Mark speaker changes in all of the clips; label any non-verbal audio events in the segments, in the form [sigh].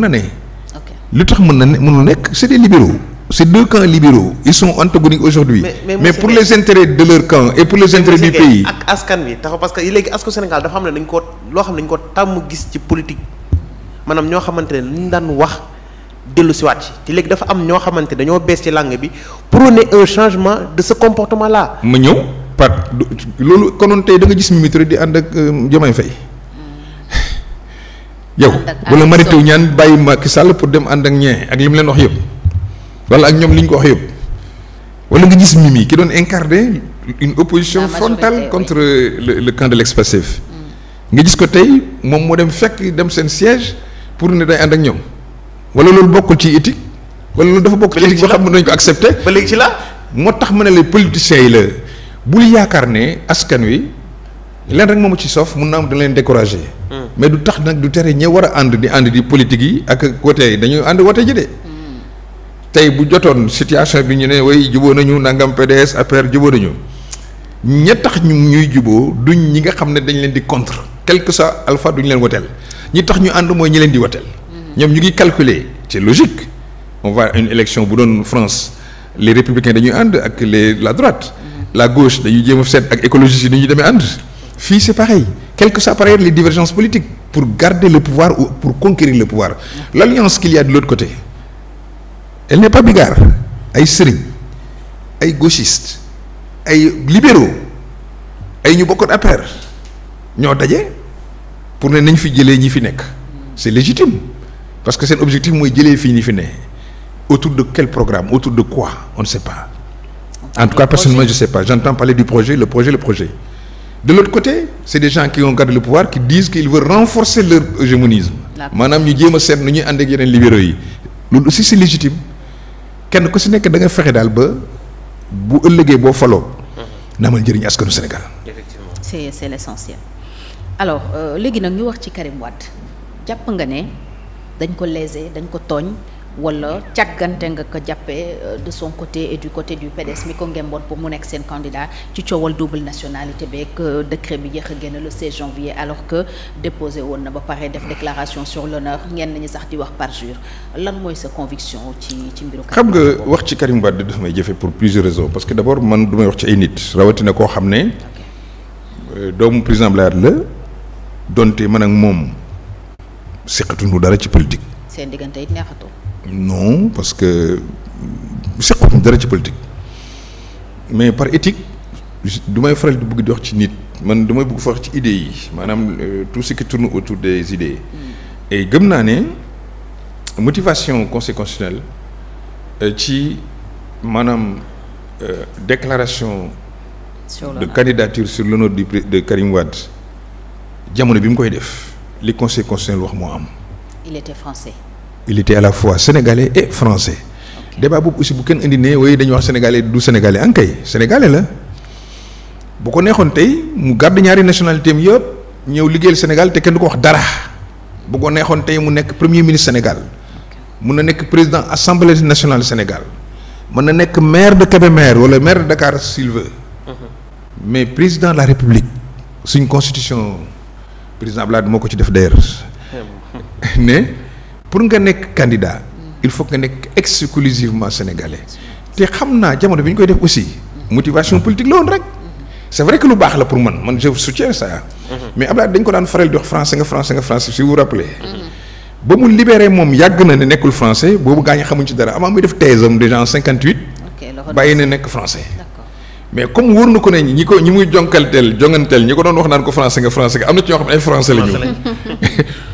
Speaker 1: mën na ne. lu tax mën na ne mënul nekk c'est des libéraux. ces deux camps libéraux ils sont antagoniques aujourd'hui mais, mais, mais pour les intérêts de leur camp et pour les intérêts du pays ak askan wi taxaw parce que léegi askan Sénégal dafa xam ne dañ ko loo xam ne dañ ko tàmm gis ci politique maanaam ñoo xamante ne daan wax dellu si waat ci te léegi dafa am ñoo xamante dañoo bees ci langue bi prôner un changement de ce comportement là ma ñëw par loolu konoon tey da nga gis Mimi Touré di yow wala Mary Teuw Niane bàyyi Macky Sall pour dem ànd ak ñee ak li mu leen wax yëpp wala ak ñoom li ñu ko wax yëpp wala nga gis Mimi ki doon incarner une opposition frontale contre le le camp de l'ex-Pastef nga gis ko tey moom moo dem fekk dem seen siège pour ne day ànd ak ñoom wala loolu bokkul ci éthique wala loolu dafa bokk ci éthique boo xam ne dañ ko accepté ba léegi ci la moo tax ma ne la politiciens yi la bul yaakaar ne askan wi leen rek moomu ci sof mun na am da leen découragé. Hmm. mais du tax nag du tere ñe war a ànd di ànd di politique yi ak côté yi dañuy ànd wote ji hmm. tey bu jotoon situation bi ñu ne way juboo nañu nangam PDS APR juboo nañu ña tax ñu ñuy juboo duñ ñi nga xam ne dañ leen di contre quel que soit duñ leen woteel ñi tax ñu ànd mooy ñi leen di woteel. Hmm. ñoom ñu ngi calculer ci est logique on va une élection bu doon France les républicains dañuy ànd ak les la droite. la gauche dañuy jëm a seet ak écologistes yi dañuy demee ànd. fii c'est pareil quelles que soient par ailleurs les divergences politiques pour garder le pouvoir ou pour conquérir le pouvoir l'alliance qu'il y a de l'autre côté elle n'est pas bigarre ay sëriñ ay gauchistes ay libéraux ay ñu bokkoon APR ñoo daje pour ne nañ fi jëlee ñi fi nekk c'est légitime parce que seen objectif mooy jëlee fii ñi fi ne autour de quel programme autour de quoi on ne sait pas en tout cas personnellement je sais pas j'entends parler projet de l'autre côté c'est des gens qui ont gardé le pouvoir qui disent qu'ils veulent renforcer leur hégémonisme maanaam ñu jéem seet nu ñuy ànd ak yeneen libéraux yi loolu aussi c'est légitime kenn ku si nekk da fexe daal ba bu ëllëgee boo faloo mhm. naamal njëriñ askanu Sénégal
Speaker 2: effectivement c'est c'est l'essentiel alors euh, léegi nag ñu wax ci Karim Wade jàpp nga ne dañ ko léser dañ ko tooñ wala càggante nga ko jàppee euh, de son côté et du côté du PDS mi ko ngemboon pour mu nekk seen candidat ci coowal double nationalité beeg euh, décret bi yéex a génn le 16 janvier alors que déposé woon na ba pare def déclaration sur l'honneur ñenn ñi sax di wax parjure lan mooy sa conviction ci ci mbiru. xam nga wax
Speaker 1: ci Karim Wade daf may jafe pour plusieurs raisons parce que d'abord man du may wax ci ay nit rawatina koo xam ne euh, doomu président Blair la donte man ak moom seqatuñu dara ci politique.
Speaker 2: seen diggante it neexatul.
Speaker 1: non parce que seqatuñ dara ci politique mais par éthique du may faral di bëgg di ci nit man damay bugg fa ci idées yi maanaam euh, tout ce qui tourne autour des idées mm. et gëm naa ne motivation conseil constitutionnel euh, ci maanaam euh, déclaration de candidature sur l'honneur du de Karim Wade jamono bi mu koy def li conseil constitutionnel wax moo am il était à la fois sénégalais et français débat boobu aussi bu kenn indi ne waaye dañuy wax sénégalais du sénégalais ankay sénégalais la bu ko neexoon tey mu gàdd ñaari nationalité am yëpp ñëw liggéeyal Sénégal te kenn du ko wax dara bu ko neexoon tey mu nekk premier ministre Sénégal mun na nekk président assemblée nationale Sénégal mën na nekk maire de Kébémer wala maire de Dakar s'il veut mhm. mais président la République suñ constitution président Abdoulaye moo ko ci def d'ailleurs [laughs] pour nga nekk candidat il faut nga nekk exclusivement sénégalais te xam naa jamono bi ñu koy def aussi motivation politique la woon rek c'est vrai que lu baax la pour man man je soutiens ça mais Abdoulaye dañ ko daan faral di wax français nga français nga si vous rappelez ba mu libéré moom yàgg na ne nekkul français boobu gaa ñi xamuñ ci dara avant muy def thèse am déjà en cinquante huit bàyyi na nekk français mais comme wóor na ko ne ñi ko ñi muy jonkalteel wax naan ko français nga français nga am na [laughs]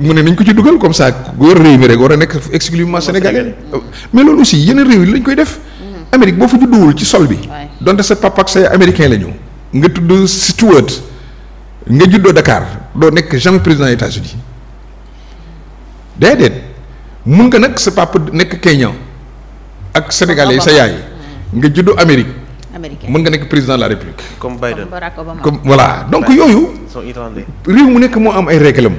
Speaker 1: mu ne nañ ko ci dugal comme ça góor réew mi rek war a nekk exclusivement sénégalais mais loolu aussi yeneen réew yi lañ koy def. Amérique boo fa judduwul ci sol bi. donte sa papa ak say américain la ñu. nga tudd Stewart nga juddoo Dakar doo nekk jamais président États-Unis déedéet mun nga nag sa papa nekk Kenya ak sénégalais sa yaay nga juddoo Amérique. mën nga nekk président de la république. comme Biden comme Barack Obama. comme voilà donc yooyu. réew mu nekk moo am ay réglam.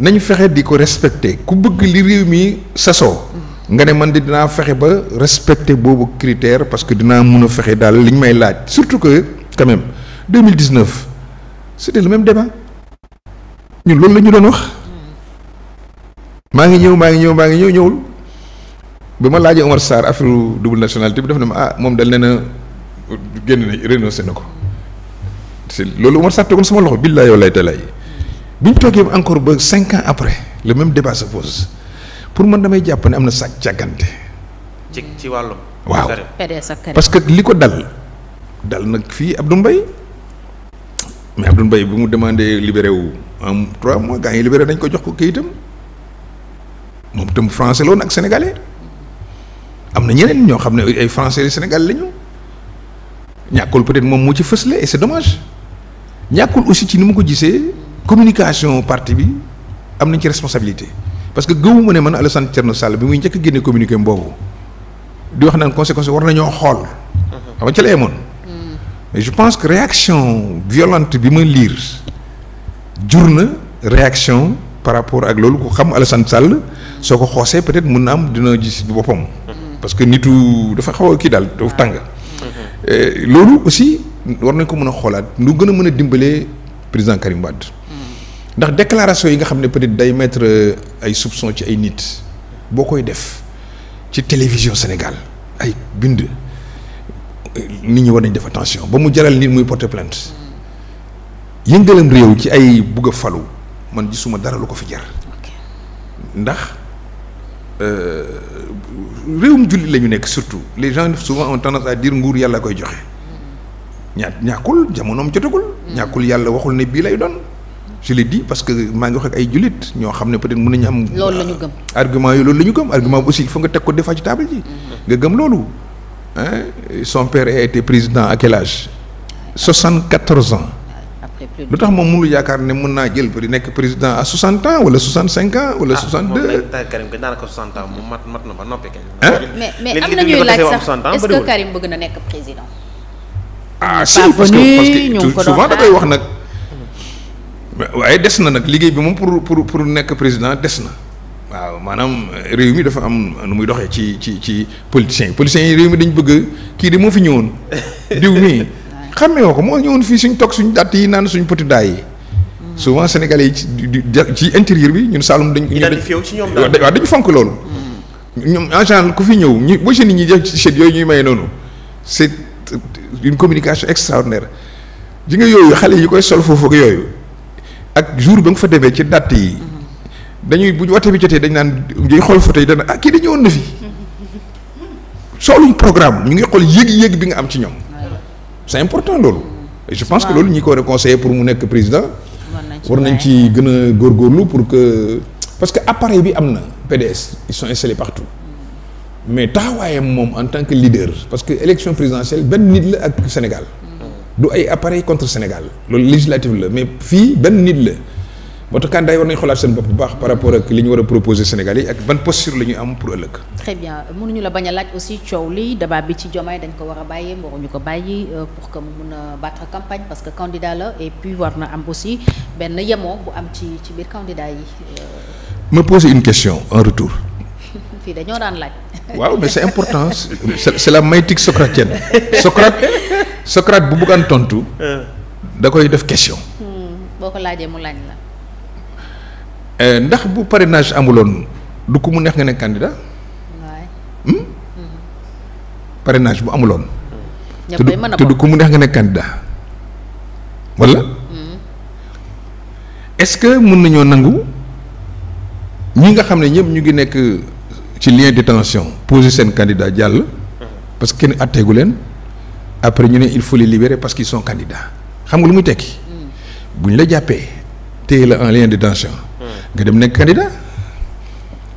Speaker 1: nañu fexe di ko respecter ku bëgg li réew mi sasoo nga ne man di dinaa fexe ba respecter boobu critère parce que dinaa mun a fexe daal li ñu may laaj surtout que quand même 2019 c'était le même débat ñun loolu la ñu doon wax maa ngi ñëw maa ngi ñëw maa ngi ñëw ñëwul bi ma laajee Omar Sarr affaire double nationalité bi daf na ma ah moom dal ne na génn na renoncé na ko c'est loolu Omar Sarr tegoon sama loxo lay wallaahi taalaa bi ñu toogee encore ba cinq ans après le même débat sa pose pour man damay jàpp ne am na sàcc càggante. ci ci wàllum. waaw
Speaker 2: parce que li ko dal.
Speaker 1: dal nag fii Abdou mbay mais Abdou mbay bi mu demandé libéré wu en trois mois gaa yi libéré dañ ko jox ko kayitam moom itam français la ak sénégalais am na ñeneen ñoo xam ne ay français sénégal la ñu ñàkkul peut-être moom moo ci fësle et c'est dommage ñàkkul aussi ci ni mu ko gisee. communication parti bi am nañ ci responsabilité parce que gëwuma ne man Alassane Thierno Sall bi muy njëkk a génne communiqué boobu di wax naan conséquence war nañoo xool. xam nga ci mm-hmm. je pense que réaction bi ma liir jur na réaction par rapport ak loolu ku xam Alassane Sall soo ko xoosee peut-être mun na am dina gis boppam. Mm-hmm. parce que nitu dafa xaw a kii daal dafa ah. tàng. Mm-hmm. Euh, loolu aussi war nañ ko mën a xoolaat lu gën a mën a dimbalee président Karim ndax déclaration yi nga xam ne peut-être day mettre euh, ay soupçon ci ay nit boo koy def ci télévision Sénégal ay bind euh, nit ñi war nañ def attention ba mu jaral nit muy porter plainte yëngalam réew ci ay bugg a falu man gisuma dara lu ko fi jar ndax euh, réewum jullit la ñu nekk surtout les gens souvent ont tendance à dire nguur yàlla koy joxe ñaat ñàkkul jamonoom jotagul mm. ñàkkul yàlla waxul ne bii lay doon je l'ai dit parce que maa ngi wax ak ay jullit ñoo xam ne peut-être mën nañu am. loolu la ñu gëm argument yi loolu la ñu gëm argument bi aussi il nga teg ko des ci table ji. nga gëm loolu. son père a été président à quel âge. 74 ans. lu tax moom mënul yaakaar ne mën naa jël di nekk président à 60 ans wala 65 ans wala 62. ah moom Karim kay daanaka 60 na ba noppi kay. mais mais am na ñuy laaj sax est
Speaker 2: Karim bëgg na nekk président.
Speaker 1: ah si parce souvent da wax nag. waaye des na nag liggéey bi moom pour pour pour nekk président des na waaw maanaam eh, réew mi dafa am nu muy doxee ci ci ci politiciens yi politiciens yi réew mi dañ bëgg kii de moo fi ñëwoon [laughs] diw mii xamee woo ko moo ñëwoon fii suñu toog suñu datt yi naan suñ petit daay yi mm. souvent sénégalais yi ci ci intérieur bi ñun Saloum dañ. ñu dañ waaw dañu fonk loolu. Mm. ñoom en général ku fi ñëw ñu boo jeunes yi ñuy def ci yooyu ñuy may noonu c'est une communication extraordinaire ji nga yooyu xale yi koy sol foofu yooyu. ak jour ba nga fa demee ci date yi. dañuy bu wote bi jotee dañ naan ngay xool photo yi dana ah kii dañu woon na fi. soxluñ programme ñu ngi xool yéeg-yéeg bi nga am ci ñoom. c'est important loolu. je pense que loolu ñi ko war a conseiller pour mu nekk président. war nañ ci gën a góorgóorlu pour que parce que appareil bi am na PDS ils sont installés partout mais taxawaayam moom en tant que leader parce que élection présidentielle benn nit la ak Sénégal. du ay appareil contre Sénégal loolu législative la mais fii benn nit la moo tax war nañu xoolaat seen bopp bu baax par rapport ak li ñu war a proposer Sénégal yi ak ban posture la ñuy am pour ëllëg.
Speaker 2: très bien mënuñu la bañ a laaj aussi coow lii débat bi ci Diomaye dañ ko war a bàyyi waruñu ko bàyyi euh, pour que mu mun a battre campagne parce que candidat la et puis war na am aussi benn yemoo bu am ci ci biir candidat yi. Euh.
Speaker 1: ma pose une question en retour.
Speaker 2: [laughs] fii dañoo daan laaj.
Speaker 1: waaw mais c'est important c'est la Socrate bu bëggaan tontu. [laughs] Euh. da koy def question.
Speaker 2: Hmm, boo ko laajee mu
Speaker 1: euh, ndax bu parrainage amuloon du ko mu neex nga ne candidat. waay. Hmm? Hmm. parrainage bu amuloon.
Speaker 2: ñëppay mën a te du ko
Speaker 1: mu neex nga ne candidat wala. est-ce que mun nañoo nangu ñi nga xam ne ñëpp ñu ngi nekk ci lien de détention poser seen candidat jàll. parce que kenn atteegu leen. après ñu ne il faut les libérer parce qu'ils sont candidats xam nga lu muy tekki hmm. bu ñu la jàppee téye la en lien de tension hmm. nga dem nekk candidat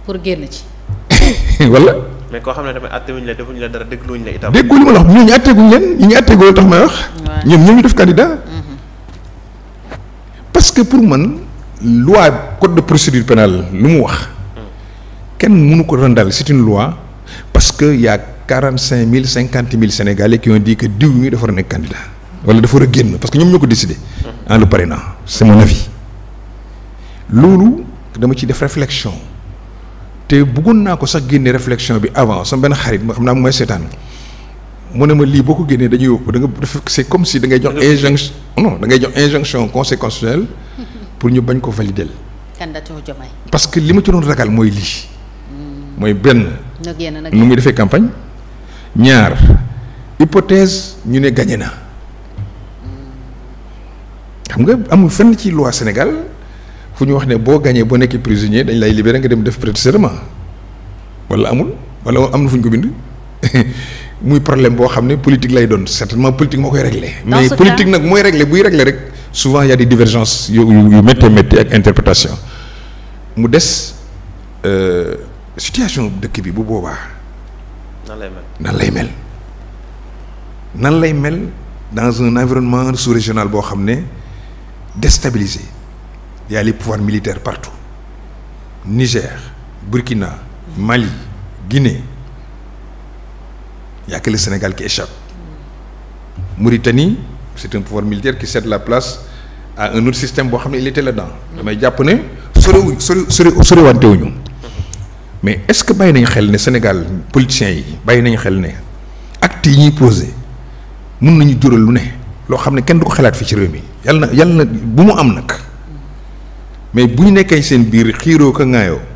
Speaker 2: pour génn ci
Speaker 1: [laughs] wala mais koo xam ne tamit attewuñu la defuñu la dara dégluwuñu la itam déggu li ma la wax ñooñu atteeguñu leen ñi ñu atteegoo tax may wax ñoom ñoom ñu def candidat mm-hmm. parce que pour man loi code de procédure pénale lu mu wax hmm. kenn mënu ko randal c'est une loi parce que y quarante cinq mille cinquante mille sénégalais qui ont dit que diw mi dafa war a nekk candidat wala dafa war a génn parce que ñoom ñoo ko décidé. Mmh. en le parrainant c' est mon loolu dama ci def réflexion te bëggoon naa ko sax génne réflexion bi avant sama benn xarit moo xam naa mooy seetaan mu ne ma lii boo ko génnee dañuy wax da nga comme si dangay jox injonction non da ngay jox injonction conseil constitutionnel [laughs] pour ñu bañ ko valider.
Speaker 2: candidature Diomaye.
Speaker 1: parce que li ma ci doon ragal mooy lii. Mmh. mooy benn. nu muy defee campagne. ñaar hypothèse ñu ne gagné na xam nga amul fenn ci loi Sénégal fu ñu wax ne boo gagné boo nekkee prisonnier dañ lay libéré nga dem def prêter serment wala amul wala am na fu ñu ko bind [laughs] muy problème boo xam ne politique lay doon certainement politique moo koy réglé. mais politique nag mooy réglé buy réglé rek souvent y a des divergences yu yu méttee méttee ak interprétation mu des euh, situation dëkk bi bu boobaa. nan lay mel nan lay mel nan lay mel dans un environnement sous-régional boo xam ne déstabilisé y a les pouvoirs militaires partout Niger Burkina Mali Guinée y a que le Sénégal qui échappe Mauritanie c'est un pouvoir militaire qui cède la place a un autre système boo xam ne il était là-dedans damay jàpp ne sori sori sori soriwante wuñu mais est-ce que bàyyi nañu xel ne Sénégal politiciens yi bàyyi nañu xel ne actes yi ñuy posé mun nañu jural lu ne loo xam ne kenn du ko xalaat fii ci réew mi yàlla na yàlla na bu mu am nag mais bu ñu nekkee seen biir xiiroo ka ŋaayoo.